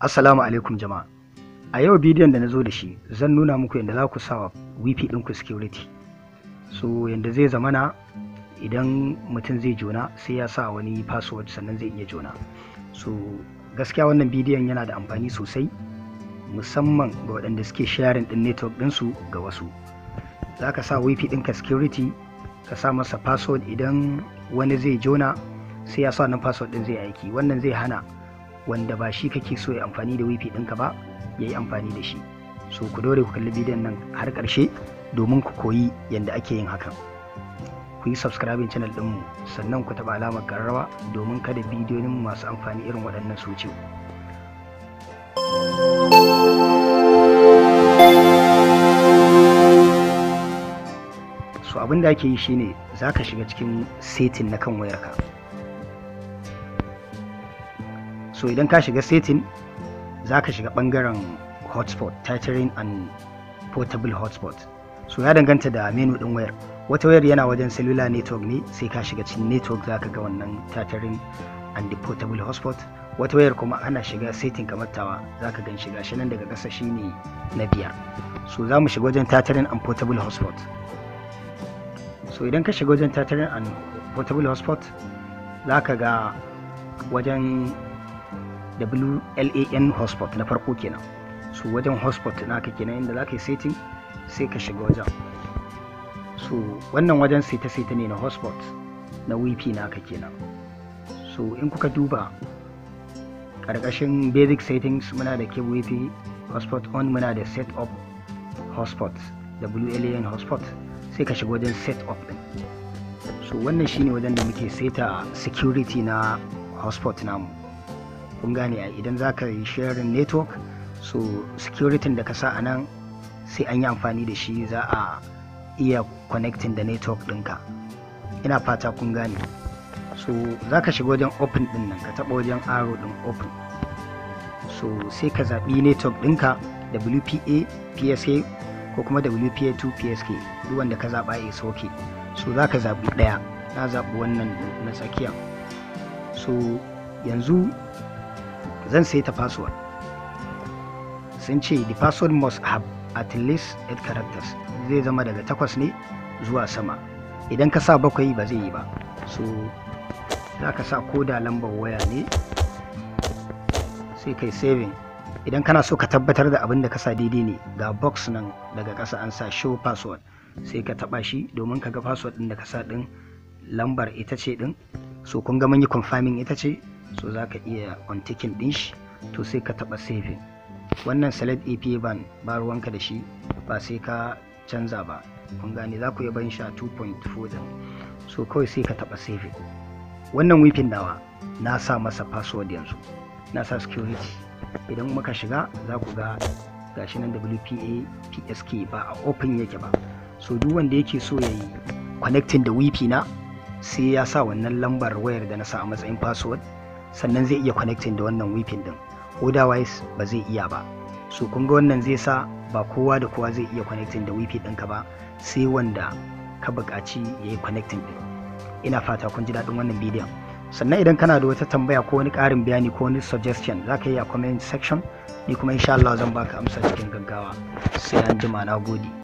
Assalamu alaikum jama'a. A yau bidiyon da na zo da shi zan nuna muku yadda za ku sawa wifi ɗinku security. So yadda zai zamana idan mutum zai jona sai ya sa wani password sannan zai iya jona. So gaskiya wannan bidiyon yana da amfani sosai musamman ga waɗanda suke sharing ɗin network ɗinsu ga wasu. Za ka sa wifi ɗinka security ka sa masa password idan wani zai jona sai ya sa wannan password ɗin zai aiki wannan zai hana wanda ba shi kake so ya amfani da wifi ɗinka ba ya yi amfani da shi so ku dore ku kalli bidiyon nan har ƙarshe domin ku koyi yadda ake yin hakan ku yi subscribe channel ɗinmu sannan ku taɓa alamar ƙararrawa domin kada bidiyonin masu amfani irin waɗannan su wuce so abin da ake yi shine za ka shiga cikin setin na kan wayarka so idan ka shiga setting za ka shiga bangaren hotspot tethering and portable hotspot so ya danganta da menu din wayar wata wayar yana wajen cellular network ne sai ka shiga cikin network za ka ga wannan tethering and portable hotspot wata wayar kuma ana shiga setting kamar tawa za ka gan shiga shi nan daga ƙasa shine na biyar so za mu shiga wajen tethering and portable hotspot so idan ka shiga wajen tethering and portable hotspot za ka ga wajen WLAN hotspot na farko kenan so wajen hotspot naka kenan inda za ka yi setting sai ka shiga wajen so wannan wajen seta-seta ne na hotspot na wifi naka kenan so in kuka duba ƙarƙashin basic settings muna da cable wifi hotspot on muna da set up hotspot WLAN hotspot sai ka shiga wajen set up din so wannan shine wajen da muke seta security na hotspot namu kun gane a idan za ka yi sharing network so security da ka sa a nan sai an yi amfani da shi za a iya connecting da network ɗinka ina fata kun gane so za ka shiga wajen open ɗin nan ka taɓa wajen aro ɗin open so sai ka zaɓi network ɗinka wpa psk ko kuma wpa2 psk duk wanda ka zaɓa ya soke so za ka zaɓi ɗaya na zaɓi wannan na tsakiya so yanzu zan sai ta password sun ce the password must have at least 8 characters zai zama daga takwas ne zuwa sama idan ka sa bakwai ba zai yi ba so za ka sa koda lambar waya ne sai kai saving idan kana so ka tabbatar da abin da ka sa daidai ne ga box nan daga ƙasa an sa show password sai ka taba shi domin ka ga password din da ka sa din lambar ita ce din so kun ga mun yi confirming ita ce so za ka iya on ticking din shi to sai ka taba saving wannan select apa ban ba ruwanka da shi ba sai ka canza ba kun gane za ku iya ban sha 2.4 din so kawai sai ka taba saving wannan wifin nawa na sa masa password yanzu na sa security idan muka shiga za ku ga gashi nan wpa psk ba a open yake ba so duk wanda yake so ya yi connecting da wifi na sai ya sa wannan lambar wayar da na sa a matsayin password sannan zai iya connecting da wannan weeping din otherwise ba zai iya ba so kun ga wannan zai sa ba kowa da kowa zai iya connecting da wifi ɗinka ba sai wanda ka buƙaci yayi yi connecting ɗin ina fata kun ji daɗin wannan bidiyon sannan idan kana da wata tambaya ko wani ƙarin bayani ko wani suggestion za ka yi a comment section ni kuma insha Allah zan baka amsa cikin gaggawa sai an jima na gode